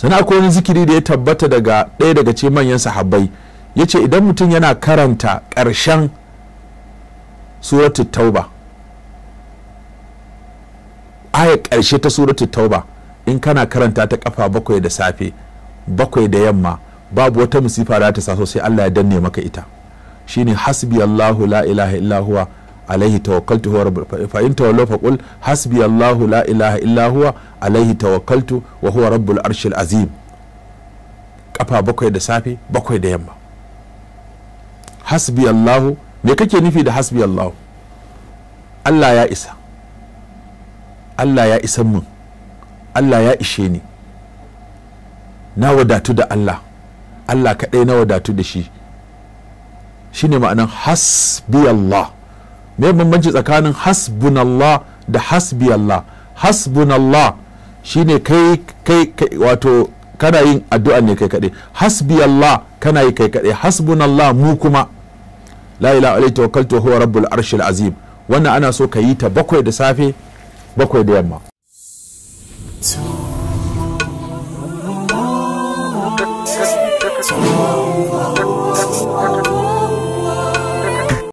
sannan akwai wani zikiri da ya tabbata daga ɗaya daga ce manyan sahabbai ya ce idan mutum yana karanta ƙarshen suratu tauba aya ƙarshe ta suratu tauba in kana karanta ta kafa bakwai da safe bakwai da yamma babu wata musifa da ta saso sai Allah ya danne maka ita shine hasbi Allahu la ilaha illa alaihi tawakkaltu huwa rabbul fa in tawallaw faqul hasbi Allahu la ilaha illa huwa alaihi tawakkaltu wa huwa rabbul arshil azim kafa bakwai da safe bakwai da yamma hasbi Allahu me kake nufi da hasbi Allahu Allah ya isa Allah ya isan mun Allah ya ishe ni na wadatu da Allah Allah kaɗai na wadatu da shi Shi ne ma'anan hasbi Allah me bambanci tsakanin hasbunallah da hasbiyallah hasbunallah shine kai kai wato kana yin addu'a ne kai kaɗai hasbiyallah kana yi kai kaɗai hasbunallah mu kuma la ilaha illallah tawakkaltu huwa rabbul arshil azim wannan ana so ka yi ta bakwai da safe bakwai da yamma